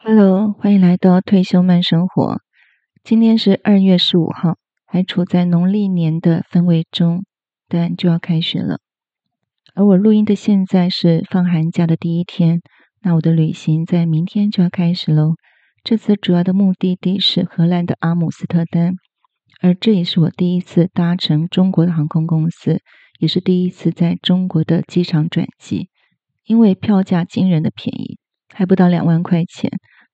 哈嘍，歡迎來到退休慢生活。今天是二月十五號，還處在農曆年的氛圍中，但就要開學了。而我錄音的現在是放寒假的第一天，那我的旅行在明天就要開始嘍。這次主要的目的地是荷蘭的阿姆斯特丹，而這也是我第一次搭乘中國的航空公司，也是第一次在中國的機場轉機，因為票價驚人的便宜，還不到兩萬塊錢。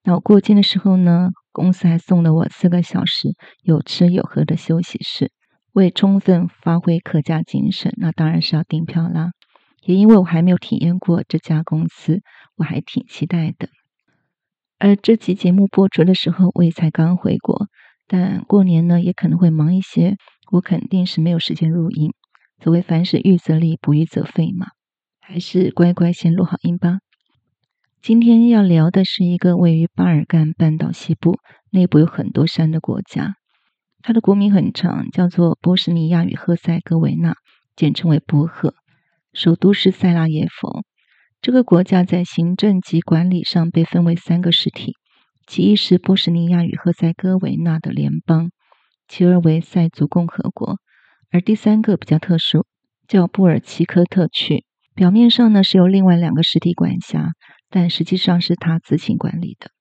那我過境的時候呢，公司還送了我四個小時有吃有喝的休息室。為充分發揮客家精神，那當然是要訂票啦。也因為我還沒有體驗過這家公司，我還挺期待的。而這期節目播出的時候，我也才剛回國。但過年呢，也可能會忙一些，我肯定是沒有時間錄音。所謂凡事預則立，不預則廢嘛，還是乖乖先錄好音吧。今天要聊的是一個位於巴爾幹半島西部、內部有很多山的國家，它的國名很長，叫做波什尼亞與赫塞哥維納，簡稱為波赫，首都是塞拉耶佛。這個國家在行政及管理上被分為三個實體，其一是波什尼亞與赫塞哥維納的聯邦，其二為塞族共和國，而第三個比較特殊，叫布爾奇科特區。表面上呢，是由另外兩個實體管轄。但實際上是他自行管理的。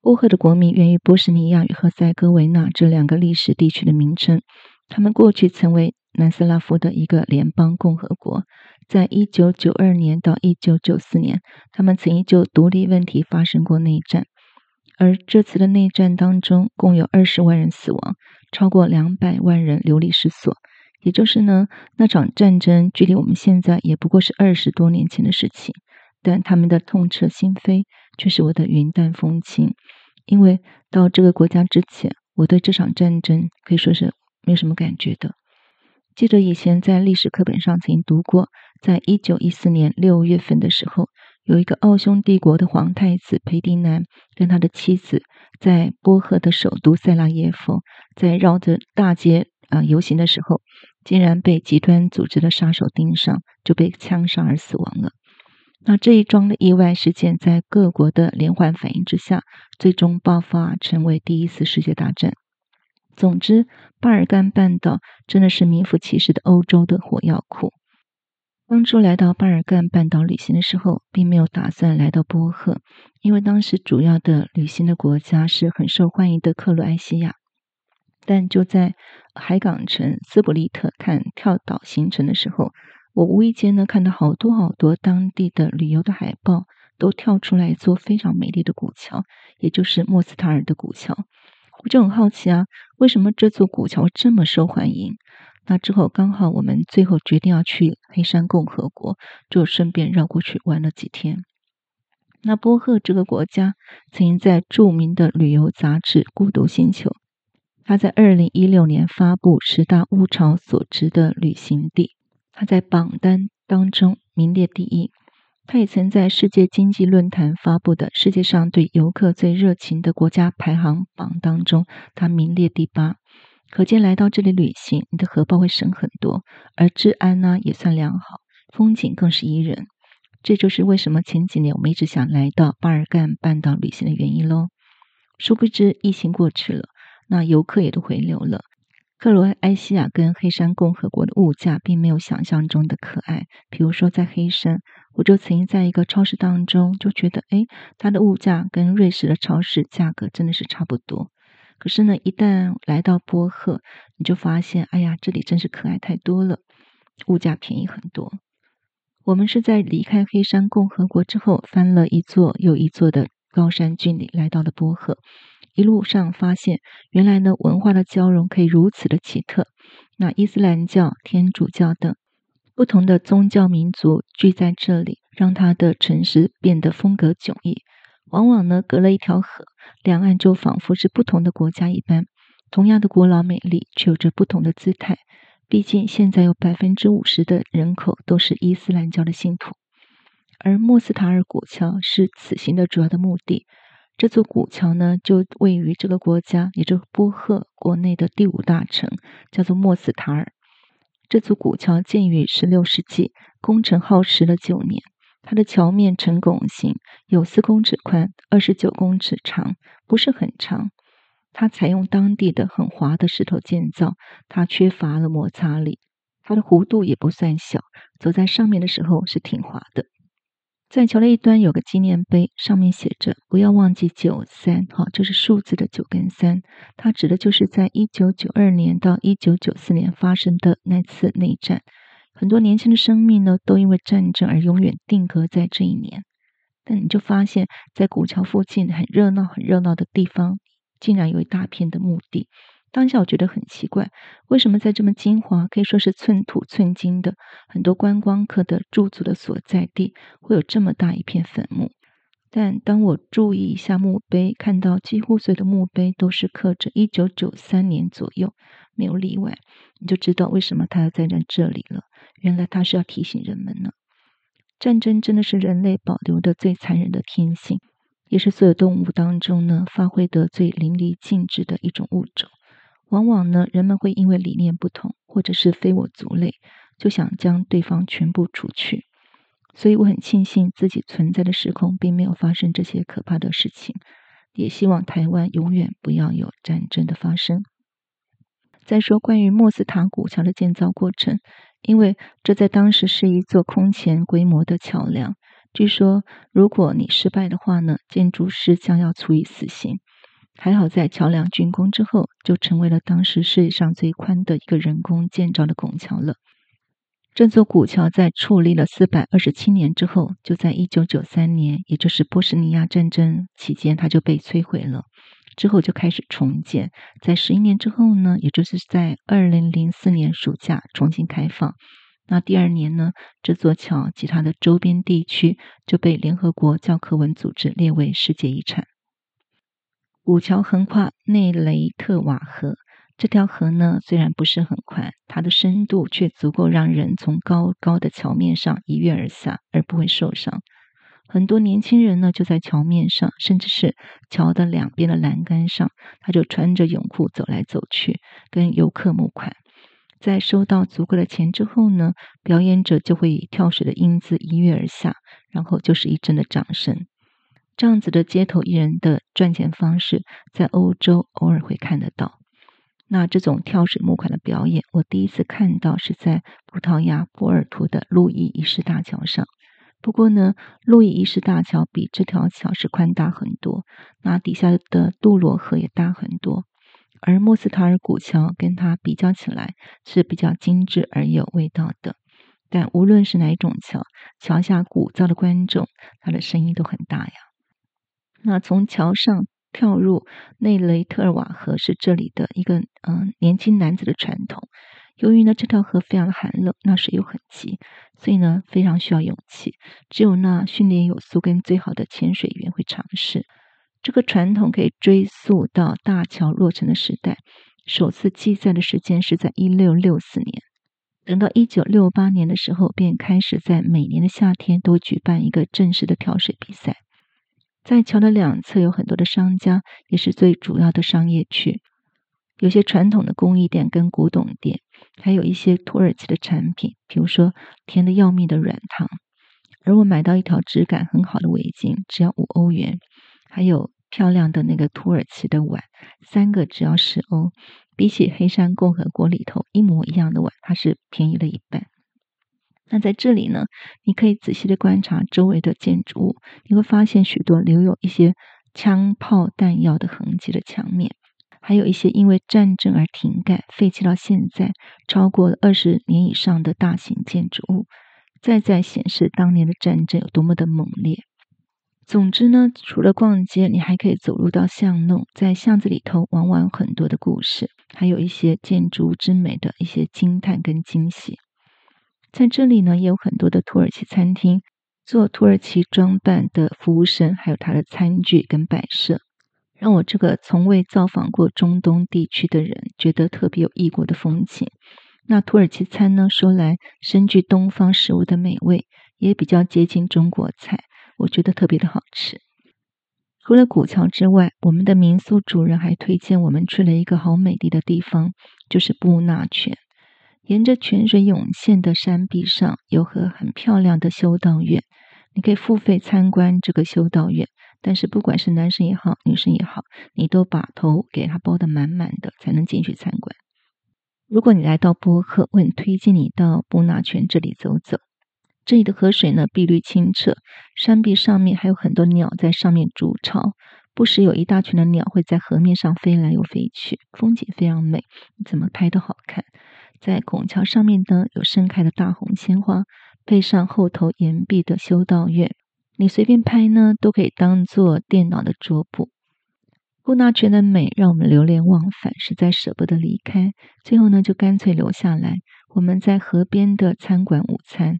波赫的國民源於波士尼亞與赫塞哥維納這兩個歷史地區的名稱。他們過去曾為南斯拉夫的一個聯邦共和國。在一九九二年到一九九四年，他們曾就獨立問題發生過內戰。而這次的內戰當中，共有二十萬人死亡，超過兩百萬人流離失所。也就是呢，那場戰爭距離我們現在也不過是二十多年前的事情。但他們的痛徹心扉，卻是我的雲淡風輕。因為到這個國家之前，我對這場戰爭可以說是沒有什麼感覺的。記得以前在歷史課本上曾經讀過，在一九一四年六月份的時候，有一個奧匈帝國的皇太子裴迪南跟他的妻子，在波赫的首都塞拉耶佛，在繞着大街啊、呃、遊行的時候，竟然被極端組織的殺手盯上，就被槍殺而死亡了。那這一樁的意外事件，在各國的連環反應之下，最終爆發成為第一次世界大戰。總之，巴爾幹半島真的是名副其實的歐洲的火藥庫。當初來到巴爾幹半島旅行的時候，並沒有打算來到波赫，因為當時主要的旅行的國家是很受歡迎的克羅埃西亞。但就在海港城斯普利特看跳島行程的時候，我無意間呢，看到好多好多當地的旅遊的海報，都跳出來一座非常美麗的古橋，也就是莫斯塔爾的古橋。我就很好奇啊，為什麼這座古橋這麼受歡迎？那之後剛好我們最後決定要去黑山共和國，就順便繞過去玩了幾天。那波赫這個國家曾經在著名的旅遊雜誌《孤獨星球》，它在二零一六年發布十大物超所值的旅行地。它在榜單當中名列第一，它也曾在世界經濟論壇發布的世界上對遊客最熱情的國家排行榜當中，它名列第八。可見來到這裡旅行，你的荷包會省很多，而治安呢也算良好，風景更是宜人。這就是為什麼前幾年我們一直想來到巴爾幹半島旅行的原因嘍。殊不知疫情過去了，那遊客也都回流了。克羅埃西亞跟黑山共和國的物價並沒有想象中的可愛。比如說，在黑山，我就曾經在一個超市當中就覺得，誒，它的物價跟瑞士的超市價格真的是差不多。可是呢，一旦來到波赫，你就發現，哎呀，這裡真是可愛太多了，物價便宜很多。我們是在離開黑山共和國之後，翻了一座又一座的高山峻嶺，來到了波赫。一路上發現，原來呢，文化的交融可以如此的奇特。那伊斯蘭教、天主教等不同的宗教民族聚在這裡，讓它的城市變得風格迥異。往往呢，隔了一條河，兩岸就仿佛是不同的國家一般。同樣的古老美麗，卻有着不同的姿態。畢竟現在有百分之五十的人口都是伊斯蘭教的信徒，而莫斯塔爾古橋是此行的主要的目的。這座古橋呢，就位於這個國家，也就是波赫國內的第五大城，叫做莫斯塔爾。這座古橋建於16世紀，工程耗時了九年。它的橋面呈拱形，有四公尺寬，二十九公尺長，不是很長。它採用當地的很滑的石頭建造，它缺乏了摩擦力。它的弧度也不算小，走在上面的時候是挺滑的。在橋的一端有個紀念碑，上面寫着“不要忘記九三”，哦，好，這是數字的九跟三，它指的就是在一九九二年到一九九四年發生的那次內戰，很多年輕的生命呢都因為戰爭而永遠定格在這一年。但你就發現，在古橋附近很熱鬧、很熱鬧的地方，竟然有一大片的墓地。當下我覺得很奇怪，為什麼在這麼精華，可以說是寸土寸金的很多觀光客的駐足的所在地，會有這麼大一片墳墓？但當我注意一下墓碑，看到幾乎所有的墓碑都是刻着一九九三年左右，沒有例外，你就知道為什麼他要葬在這，這裡了。原來他是要提醒人們呢，戰爭真的是人類保留的最殘忍的天性，也是所有動物當中呢發揮的最淋漓盡致的一種物種。往往呢，人們會因為理念不同，或者是非我族類，就想將對方全部除去。所以我很慶幸自己存在的時空並沒有發生這些可怕的事情，也希望台灣永遠不要有戰爭的發生。再說關於莫斯塔古橋的建造過程，因為這在當時是一座空前規模的橋樑。據說，如果你失敗的話呢，建築師將要處以死刑。還好，在橋梁竣工之後，就成為了當時世界上最寬的一個人工建造的拱橋了。這座古橋在矗立了四百二十七年之後，就在一九九三年，也就是波斯尼亞戰爭期間，它就被摧毀了。之後就開始重建，在十一年之後呢，也就是在二零零四年暑假重新開放。那第二年呢，這座橋及它的周邊地區就被聯合國教科文組織列為世界遺產。五橋橫跨內雷特瓦河，這條河呢雖然不是很寬，它的深度卻足夠讓人從高高的橋面上一躍而下而不會受傷。很多年輕人呢就在橋面上，甚至是橋的兩邊的欄杆上，他就穿着泳褲走來走去，跟遊客募款。在收到足夠的錢之後呢，表演者就會以跳水的英姿一躍而下，然後就是一陣的掌聲。這樣子的街頭藝人的賺錢方式，在歐洲偶爾會看得到。那這種跳水募款的表演，我第一次看到是在葡萄牙波爾圖的路易一世大橋上。不過呢，路易一世大橋比這條橋是寬大很多，那底下的杜羅河也大很多。而莫斯塔爾古橋跟它比較起來是比較精緻而有味道的。但無論是哪一種橋，橋下鼓噪的觀眾，他的聲音都很大呀。那從橋上跳入內雷特爾瓦河是這裡的一個嗯年輕男子的傳統。由於呢這條河非常的寒冷，那水又很急，所以呢非常需要勇氣。只有那訓練有素跟最好的潛水員會嘗試。這個傳統可以追溯到大橋落成的時代，首次記載的時間是在一六六四年。等到一九六八年的時候，便開始在每年的夏天都舉辦一個正式的跳水比賽。在橋的兩側有很多的商家，也是最主要的商業區。有些傳統的工藝店跟古董店，還有一些土耳其的產品，比如說甜的要命的軟糖。而我買到一條質感很好的圍巾，只要五歐元；還有漂亮的那個土耳其的碗，三個只要十歐。比起黑山共和國裡頭一模一樣的碗，它是便宜了一半。那在這裡呢，你可以仔細的觀察周圍的建築物，你會發現許多留有一些槍炮彈藥的痕跡的牆面，還有一些因為戰爭而停蓋、廢棄到現在超過二十年以上的大型建築物，再在顯示當年的戰爭有多麼的猛烈。總之呢，除了逛街，你還可以走入到巷弄，在巷子裡頭往往有很多的故事，還有一些建築之美的一些驚嘆跟驚喜。在這裡呢，也有很多的土耳其餐廳，做土耳其裝扮的服務生，還有他的餐具跟擺設，讓我這個從未造訪過中東地區的人，覺得特別有異國的風情。那土耳其餐呢，說來深具東方食物的美味，也比較接近中國菜，我覺得特別的好吃。除了古橋之外，我們的民宿主人還推薦我們去了一個好美麗的地方，就是布納泉。沿着泉水湧現的山壁上，有個很漂亮的修道院，你可以付費參觀這個修道院。但是，不管是男生也好，女生也好，你都把頭給他包得滿滿的，才能進去參觀。如果你來到波赫，我很推薦你到布納泉這裡走走。這裡的河水呢，碧綠清澈，山壁上面還有很多鳥在上面築巢，不時有一大群的鳥會在河面上飛來又飛去，風景非常美，怎麼拍都好看。在拱橋上面呢，有盛開的大紅鮮花，配上後頭巖壁的修道院，你隨便拍呢，都可以當做電腦的桌布。布納泉的美讓我們流連忘返，實在捨不得離開。最後呢，就乾脆留下來。我們在河邊的餐館午餐，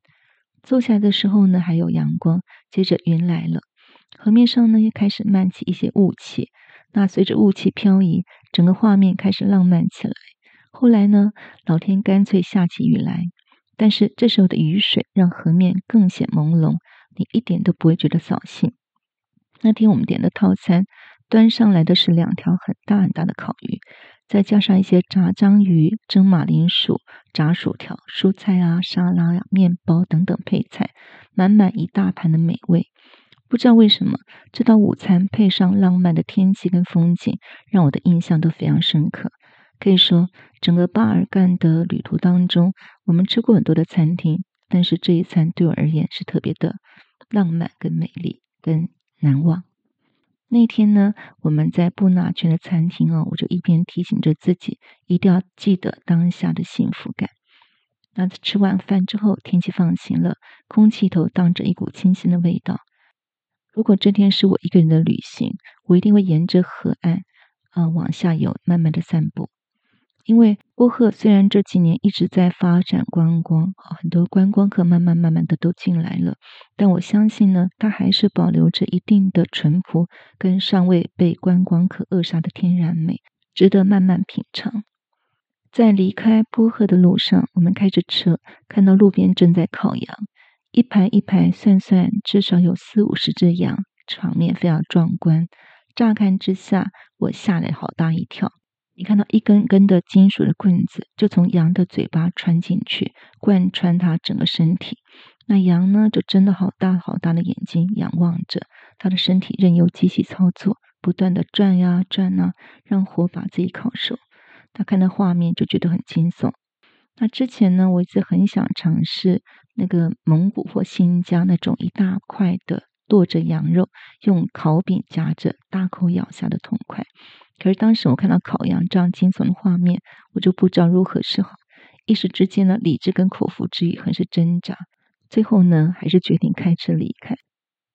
坐下來的時候呢，還有陽光。接着雲來了，河面上呢，又開始漫起一些霧氣。那隨着霧氣飄移，整個畫面開始浪漫起來。後來呢，老天乾脆下起雨來，但是這時候的雨水讓河面更顯朦朧，你一點都不會覺得掃興。那天我們點的套餐，端上來的是兩條很大很大的烤魚，再加上一些炸章魚、蒸馬鈴薯、炸薯條、蔬菜啊、沙拉呀、啊、麵包等等配菜，滿滿一大盤的美味。不知道為什麼，這道午餐配上浪漫的天氣跟風景，讓我的印象都非常深刻。可以說，整個巴爾幹的旅途當中，我們吃過很多的餐廳，但是這一餐對我而言是特別的浪漫、跟美麗、跟難忘。那天呢，我們在布納泉的餐廳哦，我就一邊提醒着自己，一定要記得當下的幸福感。那次吃完飯之後，天氣放晴了，空氣頭蕩着一股清新的味道。如果這天是我一個人的旅行，我一定會沿着河岸，啊、呃，往下游慢慢的散步。因為波赫雖然這幾年一直在發展觀光，很多觀光客慢慢慢慢的都進來了，但我相信呢，它還是保留着一定的淳樸跟尚未被觀光客扼殺的天然美，值得慢慢品嘗。在離開波赫的路上，我們開着車，看到路邊正在烤羊，一排一排，算算至少有四五十隻羊，場面非常壯觀。乍看之下，我嚇了好大一跳。你看到一根根的金屬的棍子，就從羊的嘴巴穿進去，貫穿它整個身體。那羊呢，就睜的好大好大的眼睛，仰望着它的身體，任由機器操作，不斷地轉呀轉吶、啊，讓火把自己烤熟。他看到畫面就覺得很驚悚。那之前呢，我一直很想嘗試那個蒙古或新疆那種一大塊的剁着羊肉，用烤餅夾着，大口咬下的痛快。可是當時我看到烤羊這樣驚悚的畫面，我就不知道如何是好。一時之間呢，理智跟口腹之慾很是掙扎。最後呢，還是決定開車離開。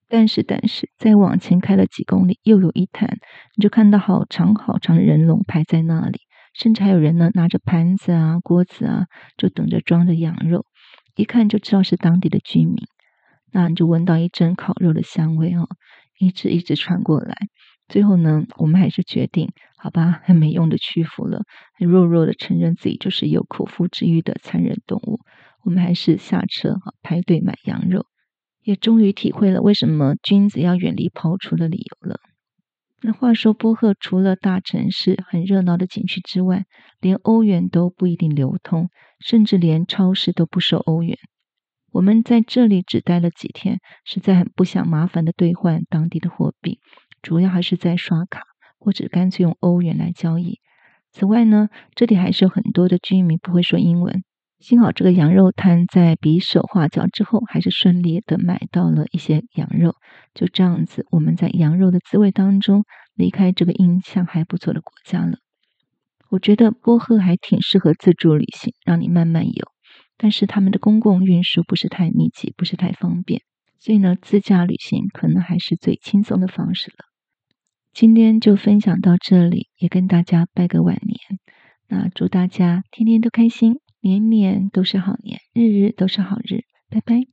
但是，但是再往前開了幾公里，又有一攤，你就看到好長好長的人龍排在那裡，甚至還有人呢拿着盤子啊、鍋子啊，就等着裝着羊肉。一看就知道是當地的居民。那你就聞到一陣烤肉的香味哦，一直一直傳過來。最後呢，我們還是決定好吧，很沒用的屈服了，很弱弱的承認自己就是有口腹之欲的殘忍動物。我們還是下車排隊買羊肉，也終於體會了為什麼君子要遠離庖廚的理由了。那話說，波赫除了大城市很熱鬧的景區之外，連歐元都不一定流通，甚至連超市都不收歐元。我們在這裡只待了幾天，實在很不想麻煩的兌換當地的貨幣。主要還是在刷卡，或者乾脆用歐元來交易。此外呢，這裡還是有很多的居民不會說英文。幸好這個羊肉攤在比手畫腳之後，還是順利的買到了一些羊肉。就這樣子，我們在羊肉的滋味當中離開這個印象還不錯的國家了。我覺得波赫還挺適合自助旅行，讓你慢慢遊。但是他們的公共運輸不是太密集，不是太方便。所以呢，自駕旅行可能還是最輕鬆的方式了。今天就分享到這裡，也跟大家拜個晚年。那祝大家天天都開心，年年都是好年，日日都是好日。拜拜。